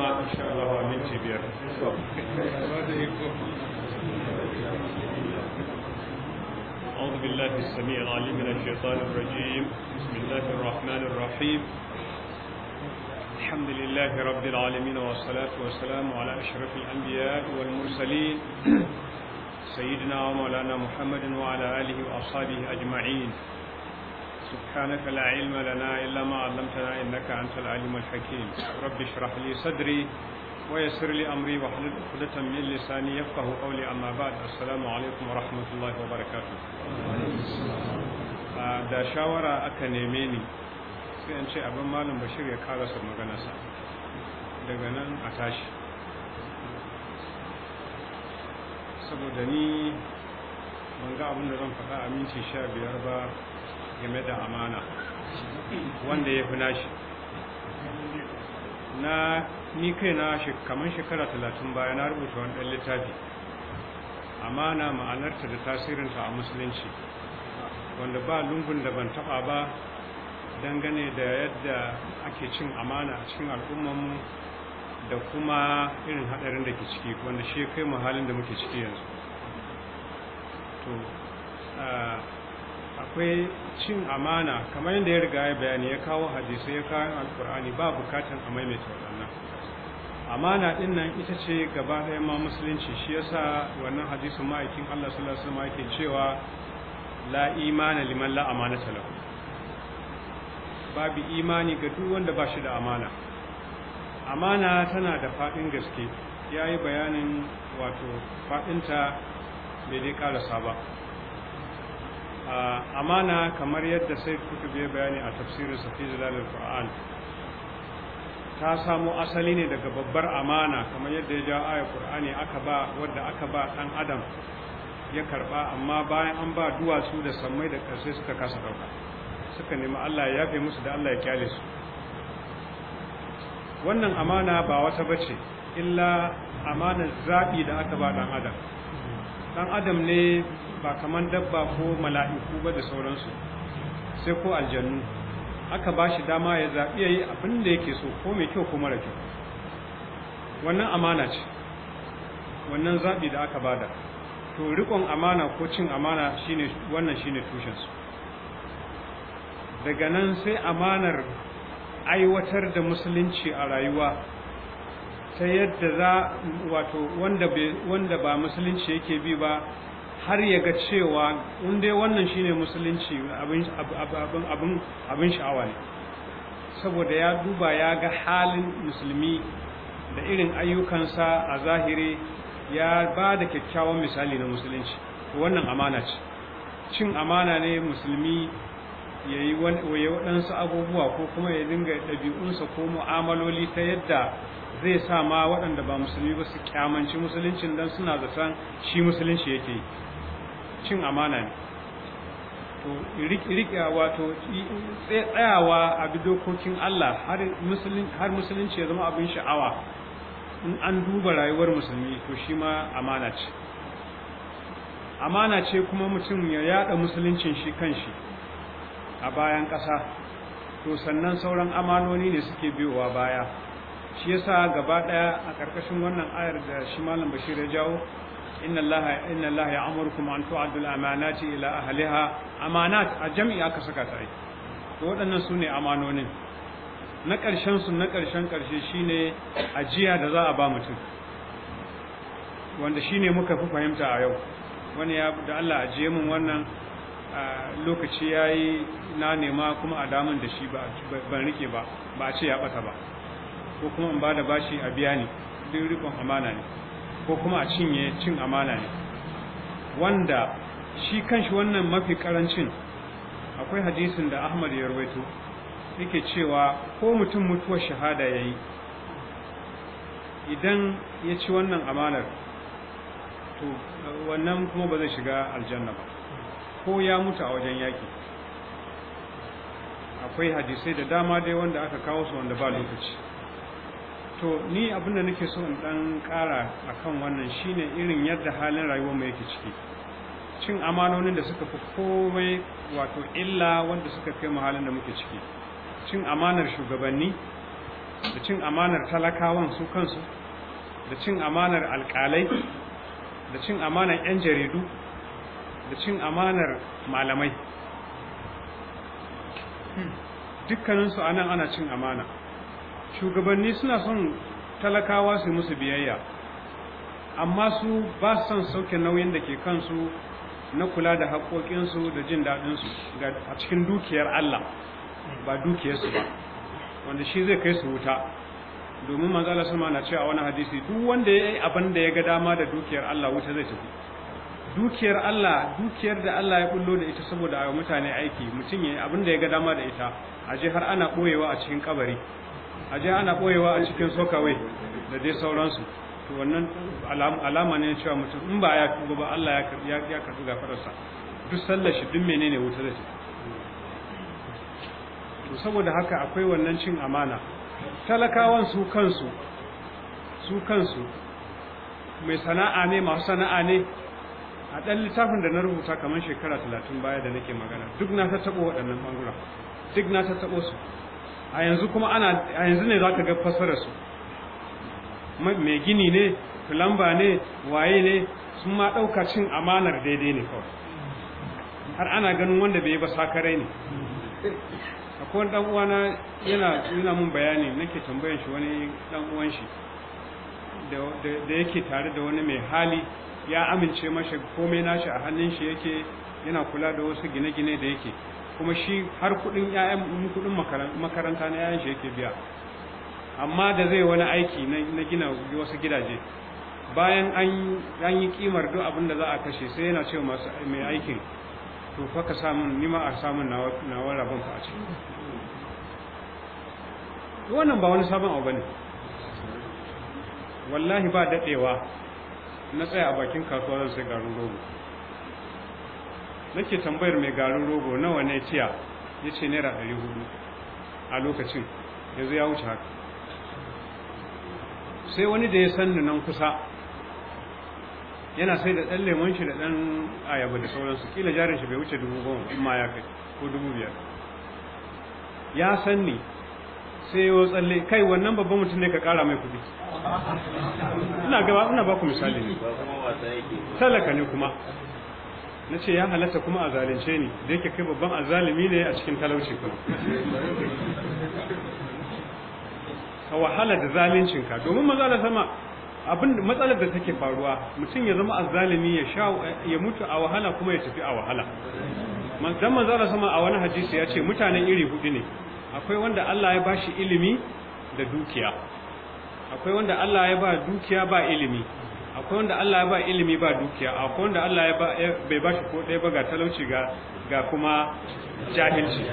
أعوذ بالله السميع العليم من الشيطان الرجيم بسم الله الرحمن الرحيم الحمد لله رب العالمين والصلاة والسلام على أشرف الأنبياء والمرسلين سيدنا ومولانا محمد وعلى آله وأصحابه أجمعين سبحانك لا علم لنا إلا ما علمتنا إنك أنت العليم الحكيم رب اشرح لي صدري ويسر لي أمري واحلل عقدة من لساني يفقه قولي أما بعد السلام عليكم ورحمة الله وبركاته da shawara aka neme ni sai an ce abin malam bashir ya karasa maganarsa daga nan a tashi saboda ni ban ga abin da zan faɗa a minti sha biyar ba game da amana wanda ya fi nashi na ni kai na kamar shekara talatin baya na rubuta wani ɗan littafi amana ma'anarta da tasirinta a musulunci wanda ba lungun da ban taɓa ba dangane da yadda ake cin amana a cikin al'ummanmu da kuma irin haɗarin da ke ciki wanda shi kai mu halin da muke ciki yanzu to ah, akwai cin amana kamar yadda ya riga ya bayani ya kawo hadisai ya kawo alkur'ani ba bukatan a maimaita waɗannan amana ɗin nan ita ce gaba ɗaya ma musulunci shi yasa wannan hadisin ma'aikin Allah sallallahu alaihi wasallam cewa la imana liman la amanata lahu babu imani ga duk wanda ba shi da amana amana tana da faɗin gaske ya yi bayanin wato faɗinta bai dai ƙarasa ba amana kamar yadda sai kuka biya bayani a tafsirin safi zilalul qur'an ta samo asali ne daga babbar amana kamar yadda ya ja ayar qur'ani aka ba wadda aka ba dan adam ya karba amma bayan an ba duwatsu da samai da karshe suka kasa dauka suka nemi Allah ya yafe musu da Allah ya kyale su wannan amana ba wata bace illa amanar zabi da aka ba dan adam dan adam ne ba kaman dabba ko mala'iku ba da sauransu sai ko aljannu aka ba shi dama ya zaɓi yi abin da yake so ko mai kyau ko mara kyau wannan amana ce wannan zaɓi da aka bada to riƙon amana ko cin amana wannan wannan shine tushensu daga nan sai amanar aiwatar da musulunci a rayuwa ta yadda za wato wanda ba musulunci yake bi ba har ya ga cewa in dai wannan shine musulunci abin sha'awa ne saboda ya duba ya ga halin musulmi da irin ayyukansa a zahiri ya ba da kyakkyawan misali na musulunci wannan amana ce cin amana ne musulmi ya yi waɗansu abubuwa ko kuma ya dinga ɗabi'unsa ko mu'amaloli ta yadda zai sa ma waɗanda ba musulmi ba su kyamanci musuluncin don suna zaton shi musulunci yake yi cin amana ne to wato tsayawa a dokokin Allah har musulunci ya zama abin sha'awa in an duba rayuwar musulmi to shi ma amana ce amana ce kuma mutum ya yada musuluncin shi kanshi a bayan ƙasa to sannan sauran amanoni ne suke biyowa baya shi yasa gaba ɗaya a ƙarƙashin wannan ayar da shi malam bashir ya jawo إن الله إن الله يأمركم أن تعدوا الأمانات إلى أهلها أمانات الجميع كسكتاي waɗannan sune ne amanonin na ƙarshen su na ƙarshen ƙarshe shine ajiya da za a ba mutum wanda shine muka fi fahimta a yau wani ya da Allah ajiye min wannan lokaci yayi na nema kuma a daman da shi ba ban rike ba a ce ya bata ba ko kuma in ba da bashi a biya ni duk rikon amana ne ko kuma a cinye cin amana ne wanda shi kanshi wannan mafi karancin akwai hadisin da Ahmad ya rawaito yake cewa ko mutum mutuwar shahada ya yi idan ya ci wannan amanar to wannan kuma ba zai shiga aljanna ba ko ya mutu a wajen yaki akwai hadisai da dama dai wanda aka kawo su wanda ba lokaci to ni abin da nake so in dan kara akan wannan shine irin yadda halin rayuwar mu yake ciki cin amanonin da suka fi komai wato illa wanda suka kai mu halin da muke ciki cin amanar shugabanni da cin amanar talakawan su kansu da cin amanar alkalai da cin amanar 'yan jaridu da cin amanar malamai dukkaninsu a nan ana cin amana shugabanni suna son talakawa su musu biyayya amma su ba su son sauke nauyin da ke kansu na kula da haƙoƙinsu da jin daɗinsu a cikin dukiyar Allah ba dukiyarsu ba wanda shi zai kai su wuta domin manzala sama na cewa wani hadisi duk wanda ya yi abin da ya ga dama da dukiyar Allah wuta zai tafi dukiyar Allah dukiyar da Allah ya bullo da ita saboda a mutane aiki mutum ya yi abin da ya ga dama da ita a je har ana ɓoyewa a cikin kabari a je ana boyewa a cikin sokawai da dai sauransu to wannan alama ne cewa mutum in ba ya tuba ba Allah ya ya karbi gafararsa duk sallar shi duk menene wuta da to saboda haka akwai wannan cin amana talakawan su kansu su kansu mai sana'a ne masu sana'a ne a ɗan littafin da na rubuta kamar shekara talatin baya da nake magana duk na tattaɓo waɗannan ɓangura duk na tattaɓo su a yanzu kuma ana a yanzu ne zaka ga fassarar su mai gini ne lamba ne waye ne sun ma ɗauka cin amanar daidai ne kawai har ana ganin wanda bai ba sakarai ne akwai wani dan uwana yana yana mun bayani nake tambayar shi wani ɗan'uwan shi da yake tare da wani mai hali ya amince mashi komai nashi a hannun shi yake yana kula da wasu gine-gine da yake kuma shi har kuɗin ƴaƴan kuɗin makaranta na ƴaƴan shi yake biya amma da zai wani aiki na gina wasu gidaje bayan an yi kimar duk abin da za a kashe sai yana cewa masu mai aikin to fa ka samun nima a samun nawa rabon fa a ce wannan ba wani sabon abu ne. wallahi ba daɗewa na tsaya a bakin kasuwa zan sai garin rogo nake tambayar mai garin rogo nawa ne tiya ya ce naira ɗari hudu a lokacin yanzu ya wuce haka sai wani da ya ni nan kusa yana sai da ɗan lemon shi da ɗan ayaba da sauransu kila jarin shi bai wuce dubu goma in ma ya kai ko dubu biyar ya sanni sai yau tsalle kai wannan babban mutum ne ka kara mai kuɗi ina gaba ina ba ku misali ne talaka ne kuma na ce ya halatta kuma a zalunce ni da yake kai babban azalimi ne a cikin talauci kuma a wahala da zaluncinka domin maza sama abin matsalar da take faruwa mutum ya zama azalimi ya ya mutu a wahala kuma ya tafi a wahala dan manzo sama a wani hadisi ya ce mutanen iri hudu ne akwai wanda Allah ya bashi ilimi da dukiya akwai wanda Allah ya ba dukiya ba ilimi akwai wanda Allah ya ba ilimi ba dukiya akwai wanda Allah ya bai ba shi ko ɗaya ba ga talauci ga ga kuma jahilci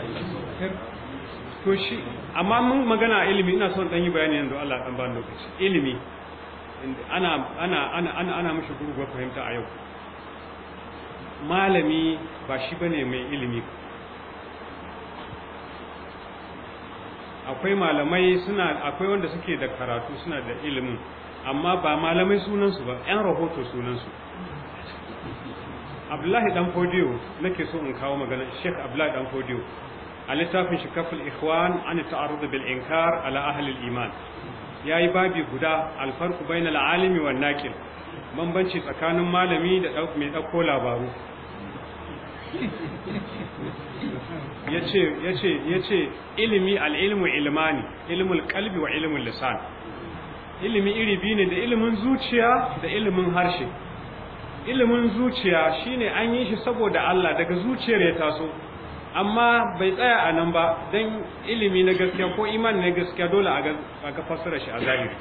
to shi amma mun magana ilimi ina son dan yi bayani yanzu Allah dan ba lokaci ilimi ana ana ana ana ana mishi gurguwa fahimta a yau malami ba shi bane mai ilimi akwai malamai suna akwai wanda suke da karatu suna da ilimin amma ba malamai sunansu ba yan rahoto sunansu abdullahi dan fodiyo nake so in kawo magana sheikh abdullahi dan fodiyo a littafin shi kafin ikhwan an ta'arud bil inkar ala ahli al iman yayi babi guda al farqu bainal alimi wan naqil bambanci tsakanin malami da mai dauko labaru yace yace yace ilimi al ilmu ilmani ilmul qalbi wa ilmul lisan ilimi iri biyu ne da ilimin zuciya da ilimin harshe ilimin zuciya shine an yi shi saboda Allah daga zuciyar ya taso amma bai tsaya a nan ba don ilimi na gaskiya ko imani na gaskiya dole a ga fassara shi a zahiri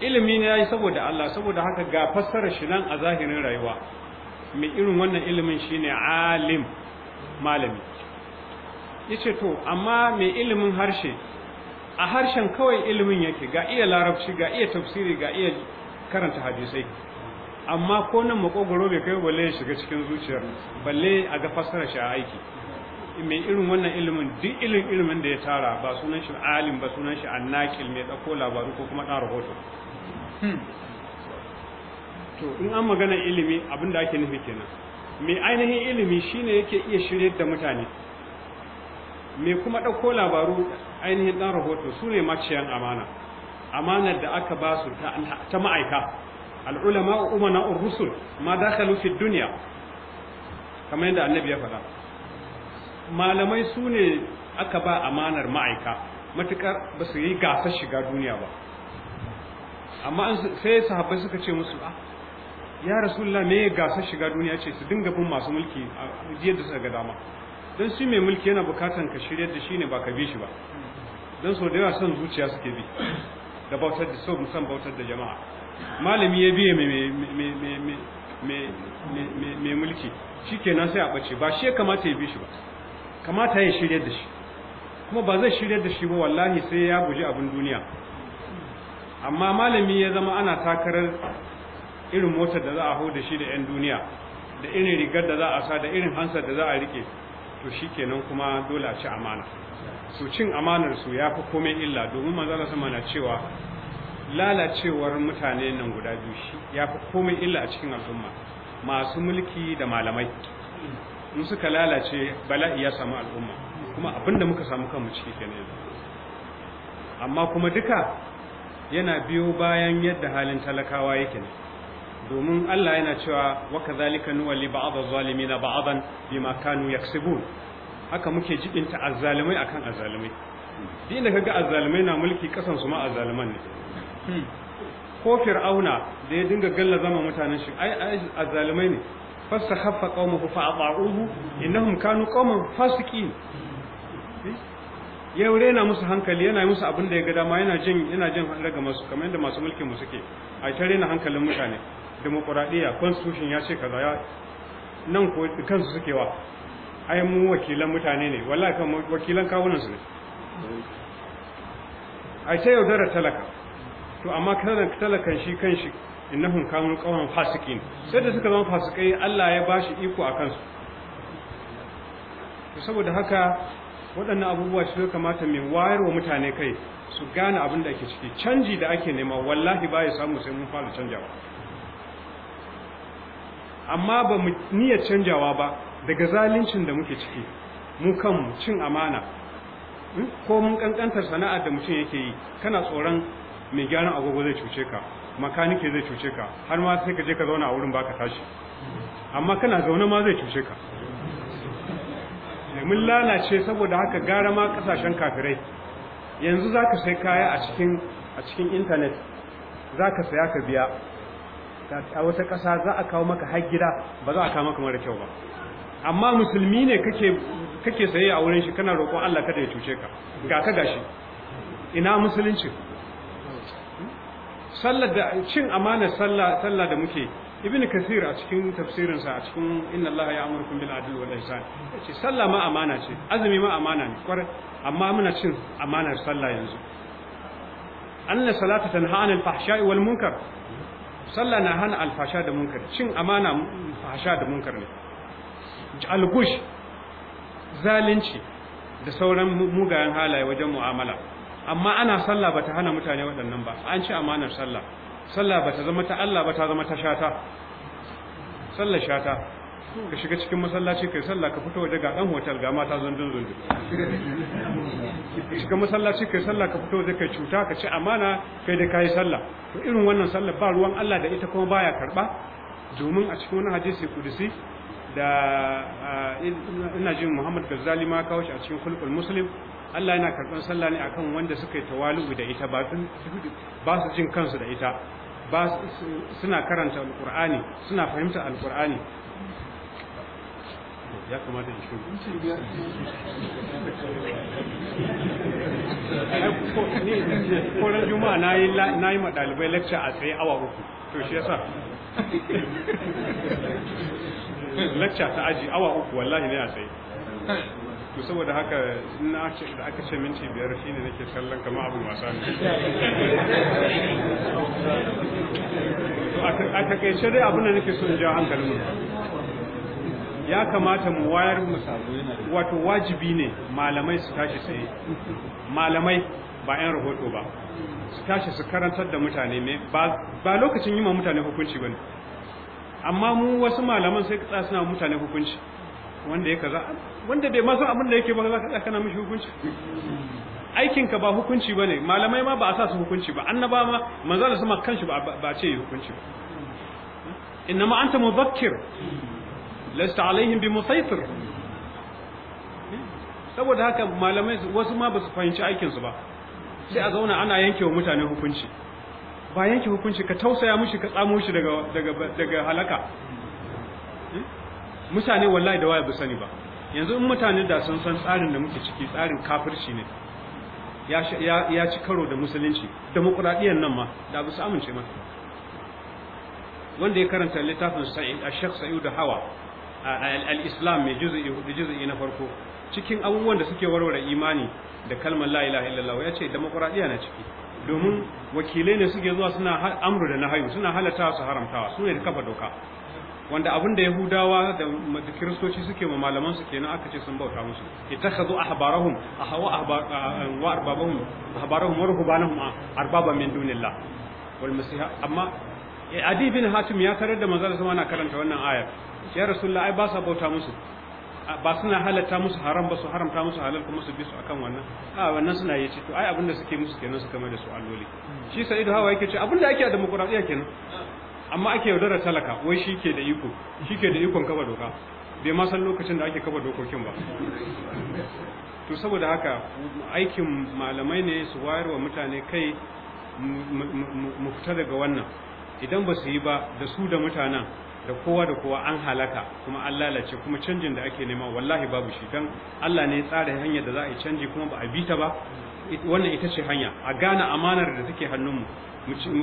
ilimi ne ya yi saboda Allah saboda haka ga fassara shi nan a zahirin rayuwa mai irin wannan ilimin shine alim malami yace to amma mai ilimin harshe a harshen kawai ilimin yake ga iya larabci ga iya tafsiri ga iya karanta hadisai amma ko nan makogoro bai kai balle ya shiga cikin zuciyar balle a ga fassara shi a aiki mai irin wannan ilimin duk ilin ilimin da ya tara ba sunan shi alim ba sunan shi annakil mai dauko labaru ko kuma dan rahoto hmm. to in an magana ilimi abin da ake nufi kenan mai ainihin ilimi shine yake iya shiryar da mutane mai kuma dauko labaru ainihin ɗan rahoto su ne maciyan amana amanar da aka ba su ta ma'aika al'ulama umana rusul ma dakhalu fi dunya kamar yadda annabi ya faɗa malamai su ne aka ba amanar ma'aika matukar ba su yi gasar shiga duniya ba amma sai sahabbai suka ce musu a ah, ya rasulullah me gasar shiga duniya ce su dinga bin masu mulki a jiyar da suka ga dama don shi mai mulki yana bukatan ka shirya da shi ne ba ka bi shi ba don so da yawa son zuciya suke bi da bautar da so son bautar da jama'a malami ya biye mai mulki shi kenan sai a ɓace ba shi ya kamata ya bi shi ba kamata ya shirya da shi kuma ba zai shirya da shi ba wallahi sai ya guji abin duniya amma malami ya zama ana takarar irin motar da za a hau da shi da 'yan duniya da irin rigar da za a sa da irin hansar da za a rike to shi kenan kuma dole a ci amana su cin amanar su ya fi komai illa domin manzala sama na cewa lalacewar mutane nan guda biyu shi ya fi komai illa a cikin al'umma masu mulki da malamai in suka lalace bala'i ya samu al'umma kuma abin da muka samu kanmu ciki kenan amma kuma duka yana biyo bayan yadda halin talakawa yake ne domin Allah yana cewa wa kadhalika nuwalli ba'd na dhalimina ba'dan bima kanu yaksubun haka muke jibinta azzalumai akan azzalumai duk da kaga azzalumai na mulki kasan su ma azzaluman ne ko fir'auna da ya dinga galla zama mutanen shi ai azzalumai ne khaffa qaumuhu fa ata'uhu innahum kanu qauman fasiqin ya na musu hankali yana musu abin da ya ga dama yana jin yana jin daga masu kamar yadda masu mulkin mu suke ai ta rena hankalin mutane demokradiya constitution ya ce kaza ya nan ko kansu suke wa ai mu wakilan mutane ne wallahi kan wakilan kawunan su ne ai sai yaudara talaka to amma kan talakan shi kan shi innahum kanu qawman fasiqin sai da suka zama fasikai Allah ya bashi iko a kansu to saboda haka waɗannan abubuwa su kamata mai wa mutane kai su gane abin da ake ciki canji da ake nema wallahi ba ya samu sai mun fara canjawa amma ba mu niyyar canjawa ba daga zalincin da muke ciki mu kanmu cin amana hmm? ko mun kankantar sana'ar da mutum yake yi kana tsoron mai gyaran agogo zai cuce ka makanike zai cuce ka har ma sai ka je ka zauna a wurin baka tashi amma kana zaune ma zai cuce ka mun lalace saboda haka gara ma kasashen kafirai yanzu zaka sai kaya a cikin a cikin internet zaka saya ka biya a wata kasa za a kawo maka har gida ba za a kawo maka mara kyau ba amma musulmi ne kake kake saye a wurin shi kana roƙo Allah kada ya cuce ka ga ka gashi ina musulunci sallar da cin amana sallah sallah da muke ibn kasir a cikin tafsirin sa a cikin inna allaha ya'murukum bil adli wal ihsan ce sallah ma amana ce azumi ma amana ne kwar amma muna cin amanar sallah yanzu anna salata tanha anil fahsha'i wal munkar sallah na hana al fahsha da munkar cin amana fahsha da munkar ne algush zalunci da sauran mugayen halaye wajen mu'amala amma ana sallah bata hana mutane waɗannan ba an ci amanar sallah sallah bata zama ta Allah ba ta zama ta shata sallah shata ka shiga cikin masallaci kai sallah ka fito waje ga dan hotel ga mata zundun zundun shiga masallaci kai sallah ka fito waje kai cuta ka ci amana kai da kai sallah to irin wannan sallah ba ruwan Allah da ita kuma baya karba domin a cikin wani hadisi kudusi da ah, ina jin Muhammad Gazzali ma kawo shi a cikin kulkul muslim Allah yana karɓar sallah ne akan wanda suka yi tawalu da ita ba su jin kansu da ita ba suna karanta alqur'ani suna fahimta alƙur'ani ya kamata da shi koran juma'a na yi na yi ma ɗalibai lecture a tsaye awa uku to shi yasa lacca ta aji awa uku wallahi ne a sai to saboda haka in na ce da aka ce minti biyar shine nake kallon kamar abu wasa ne to a takaice dai abin da nake son jawo hankalin ya kamata mu wayar mu wato wajibi ne malamai su tashi sai malamai ba 'yan rahoto ba su tashi su karantar da mutane ba lokacin yi ma mutane hukunci ba ne amma mu wasu malaman sai ka suna mutane hukunci wanda ya kaza wanda bai masan abin da yake ba za ka tsaya kana mishi hukunci aikinka ba hukunci ba ne malamai ma ba a sa su hukunci ba annaba ma manzala sama kanshi ba a ce yi hukunci ba innama anta muzakkir lasta alaihim bi musaitir saboda haka malamai wasu ma ba su fahimci aikinsu ba sai a zauna ana yanke wa mutane hukunci ba yanke hukunci ka tausaya mushi ka tsamo shi daga daga daga halaka hmm? mutane wallahi da waya ba sani ba yanzu in mutane da sun san tsarin da muke ciki tsarin kafirci ne ya ya ci karo da musulunci demokradiyyar nan ma da ba su amince ma. wanda ya karanta littafin Sa'id Sheikh Sa'id Hawa al-Islam mai juz'i juz'i na farko cikin abubuwan da suke warware imani da kalmar la ilaha illallah ya ce demokradiyya na ciki domin wakilai ne suke zuwa suna amru da nahayu suna halatta su haramtawa su ne da kafa doka wanda abin da yahudawa da kiristoci suke ma malaman su kenan aka ce sun bauta musu ittakhadhu ahbarahum ahwa wa arbabahum ahbarahum wa ruhbanahum arbaba min dunillah wal masiha amma eh, adi bin hatim ya tarar da manzon sama na karanta wannan ayar ya rasulullah ai ba sa bauta musu ba suna halatta musu haram ba su haramta musu halal kuma su bi su akan wannan a wannan suna yi ce to ai abinda suke musu kenan su kama da su alloli shi sa'idu hawa yake ce abinda ake a demokuraɗiyya kenan amma ake yaudara talaka wai shi ke da iko shi ke da ikon kaba doka bai ma san lokacin da ake kaba dokokin ba to saboda haka aikin malamai ne su wayar wa mutane kai mu fita daga wannan idan ba su yi ba da su da mutanen da kowa da kowa an halaka kuma an lalace kuma canjin da ake nema wallahi babu shi don Allah ne tsara hanyar da za a yi canji kuma ba a bi ta ba wannan ita ce hanya a gane amanar da take hannunmu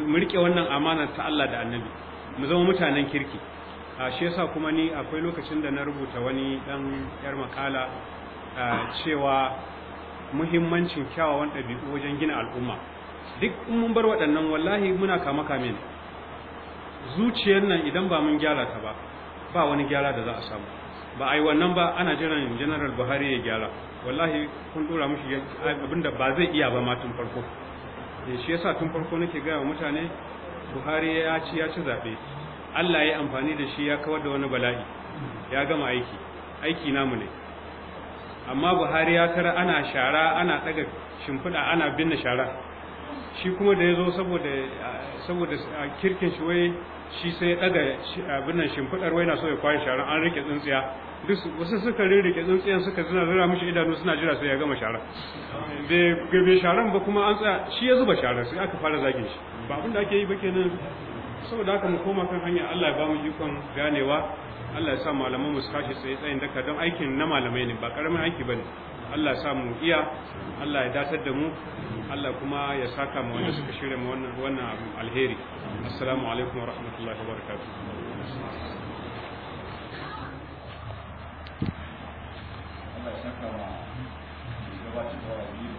mu rike wannan amanar ta Allah da annabi mu zama mutanen kirki a shi yasa kuma ni akwai lokacin da na rubuta wani dan yar makala cewa muhimmancin kyawawan ɗabi'u wajen gina al'umma duk mun bar waɗannan wallahi muna kama kame zuciyar nan idan ba mun gyara ta ba ba wani gyara da za a samu ba a yi wannan ba ana jiran general buhari ya gyara wallahi kun dora mushi abinda ba zai iya ba ma tun farko eh, shi yasa tun farko nake gaya wa mutane buhari ya ci ya ci zaɓe allah ya yi amfani da shi ya kawar da wani bala'i ya gama aiki aiki namu ne amma buhari ya tara ana shara ana ɗaga shimfiɗa ana binne shara shi kuma da ya zo saboda kirkin shi wai shi sai ya daga abin nan shimfiɗar waina so ya kwashe sharan an rike tsintsiya duk wasu suka rike tsintsiyan suka zina zira mishi idanu suna jira sai ya gama sharan bai gabe sharan ba kuma an tsaya shi ya zuba sharan sai aka fara zagin shi ba abin da ake yi ba kenan saboda haka mu koma kan hanya Allah ya ba mu ikon ganewa Allah ya sa malaman mu su kashi sai tsayin daka don aikin na malamai ne ba karamin aiki bane Allah ya samu iya Allah ya datar da mu Allah kuma ya saka mu wanda suka shirya mu wannan wannan abu alheri assalamu alaikum wa rahmatullahi wa barakatuh